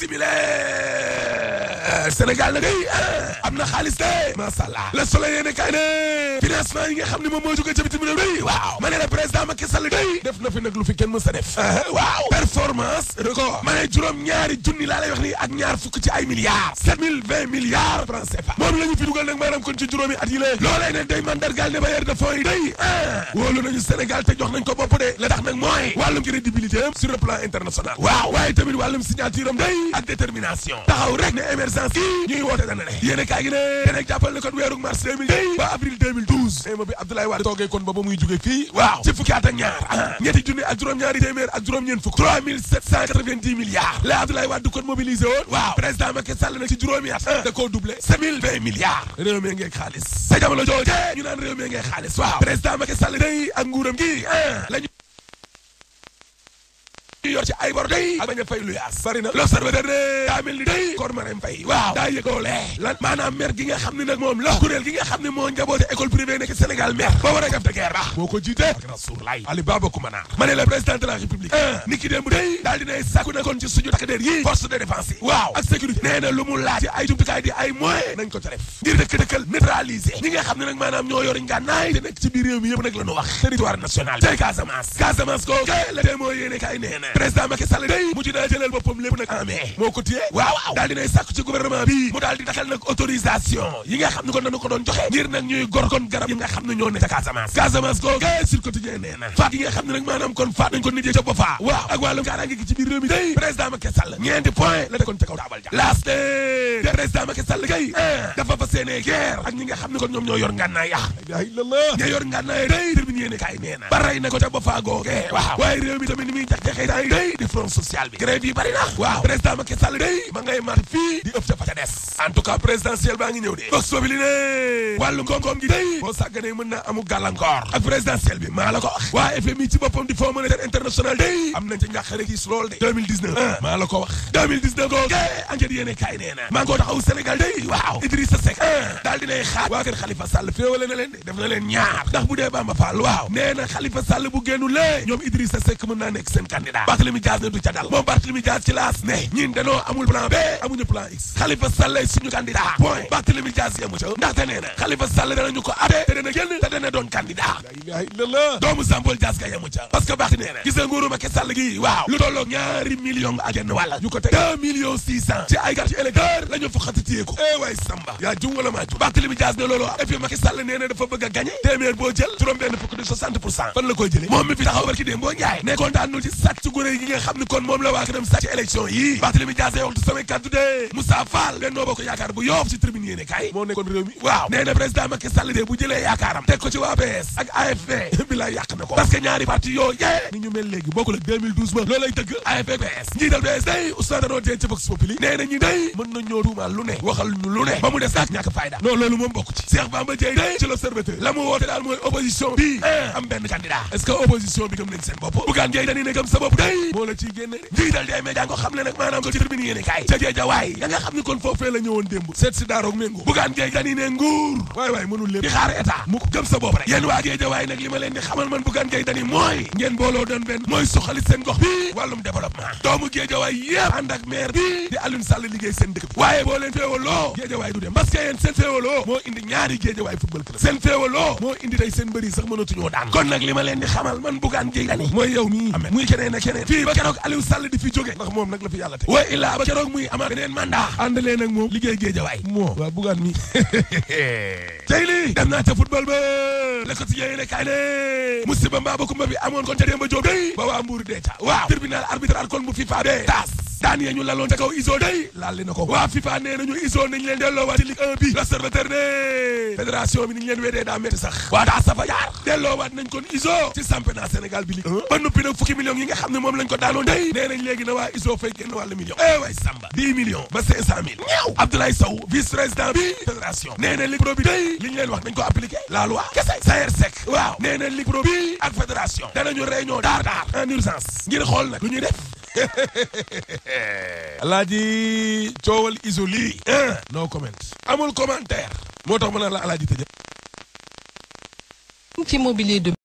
simile Sénégal na kay eh, am na xaalis de masàllaa Le Soleil yéene kay ne financement xam ne moom moo jógee ca bitim réew day waaw ma ne la président Macky Sall day def na fi nag lu fi kenn mës a def eh, waaw performance record ma ne juróom ñaari junni laa lay ni ak ñaar fukk ci ay milliards sept mille vingt milliards francs CFA moom la fi dugal nag maanaam kon ci juróomi at yi la loolee ne day mandargaal ne bailleur de fonds yi day a eh. na nañu Sénégal te jox nañ ko bopp de la tax nag mars yi ñuy woote dana ne yéen a kaay gi ne te nag jàppal ne kon weeru mars 2000 ba avril 2012 éma bi Abdoulaye Wade kon ba ba muy jóge fii waaw ci fukki at ak ñaar ah. ñetti junni ak juróom-ñaari téeméer ak juróom-ñeent fukk 3790 milliards la Abdoulaye Wade kon mobilisé woon waaw président Macky Sall nag ci juróomi at ah. da koo doublé 7020 milliards réew mi ngay xaalis sa jamono jooju ñu naan réew mi ngay xaalis waaw président Macky Sall day ak nguuram gi ah. lañu ñu yor ci ay bor day ak bañ a fay lu yaas bari na l'observateur de daa mel ni day kor ma dem fay waaw daa yëgoole lan maanaam maire gi nga xam ne nag moom la kuréel gi nga xam ne moo njaboote école privée nekk Sénégal maire ba war a def de guerre ba moo ko jiite ak Rasoul Lay Ali Baba Koumana ma ne le président de la République ah. ni ki démb day daal dinay sàkku na kon ci suñu takk der yi force de défense yi waaw ak sécurité nee na lu mu laaj ci ay jumtukaay di ay moyens nañ ko ca def ngir dëkk dëkkal neutraliser ñi nga xam ne nag maanaam ñoo yor ngànnaay te nekk ci biir réew mi yëpp nag la ñu wax territoire national tey Casamance Casamance ko la tey moo yéene kay nee na président Macky Sall day mujj naa jëlal boppam lépp nag en moo ko téye waaw waaw daal dinay sàkk ci gouvernement bi mu daal di dakkal nag autorisation yi nga xam ne kon dañu ko joxe ngir nag ñuy gorgoon garab yi nga xam ne ñoo ne ca Casamance Casamance koo ga sur quotidien nee faat yi nga xam ne nag maanaam kon faat nañ ko nit yi ca Boffa waaw ak wàllum kaaraange gi ci biir réew day président Macky Sall ñeenti point ah, dafa fa seenee ak ñi nga xam ne kon tribune na ko ca ba faa googe waaw waaye réew mi tamit ni jax-jaxee tay day di front social bi grève yi bari waaw président Macky Sall ma ngay mar fii di ëf ca fa ca des en tout cas présidentiel baa ngi ñëw de box bi li ne wàllu koom-koom gi day boo sàgganee mën naa amu gàllankoor ak présidentiel bi maa la ko wax waa FMI ci boppam di Fonds international day am ah, na ah, ñaar ndax bu dee Bamba Fall waaw nee na Khalifa Sall bu génnulee ñoom Idrissa Seck mën naa nekk seen candidat Barthélémy Dias ne du ca dal moom Barthélémy Dias ci laas ne ñin danoo amul plan B amuñu plan X Khalifa Sall suñu candidat point Barthélémy Dias ko atte te dana génn te dana doon candidat la ilaha illallah doomu Sambol Dias ca parce que Barth nee na gis nga nguuru Macky gi waaw lu tolloog ñaari millions ak genn wàlla ñu ko teg deux millions six ci ay carte électeur la ñu faxati téye ko eh a yokk 60 pour cent fan la koy jëlee moom mi fi taxaw barki démb njaay ne ci sàcc yi nga xam kon moom la waa këram sàcc élection yi Barthélémy Dias waxtu samay kaddu de Moussa Fall Benno Bokk Yaakaar bu yoof ci tribune yéene moo nekkoon réew mi waaw nee na président Macky Sall de bu jëlee yaakaaram teg ko ci waa PS ak AFP bi lay yàq na ko parce que ñaari parti yoo yee ni ñu mel léegi bokkul ak 2012 ba loolay dëgg AFP PS PS day ci Vox Populi nee na day mën na ñoo lu ne waxal ñu lu ne ba mu des ñàkk fayda non loolu moom bokk ci Cheikh Bamba Dieye day ci l'Observateur la mu woote daal mooy opposition bi bi eh. am benn candidat est opposition bi gëm nañ seen bopp bugaan ngay dañu ne gëm sa bopp day moo la ciy génne njiital dee mais jàngo xam ne nag maanaam ko ci tribune yéene kaay ca jee ja nga xam ni kon foofee la ñëwoon démb seet si daaroog méngu bugaan ngay dañu ne nguur waay waay mënul lépp di xaar état mu gëm sa bopp rek yéen waa gee nag li ma leen di xamal man bugaan ngay dañu mooy ngeen booloo doon benn mooy suxali seen seen mënatuñoo daan kon nag li ma leen di xamal man Bougane Gueye Dany mooy yow mii amee muy keneen ak keneen fii ba keroog Aliou Sall di fi jóge ndax moom nag la fi yàlla teg wa illaa ba keroog muy amaat beneen mandat ànd leen ak moom liggéey géejawaay moo waa Bougane mi tey lii dem naa ca football ba le quotidien yi nekkaay ne musiba mbaa ba kumba bi amoon kon ca démb jóg day ba waa Mbour dee ca waaw tribunal arbitral kon bu FIFA bee daan yee ñu laloon ca kaw iso day laal li na ko waa FIFA nee nañu iso nañ leen delloowaat ci Ligue 1 bi l'observateur ne fédération bi ni ñu leen weedee waa xam ne moom lañ ko daanoon day nee nañ léegi na waa iso fay eh nee na li ñu leen wax nañ ko appliqué la loi kese Sayer Seck waaw nee na Ligue Pro bi daar daar en urgence ngir xool nag lu ñuy def alaaji coowal iso lii no comment amul commentaire moo tax mën a la alaaji tëjee ci mobilier de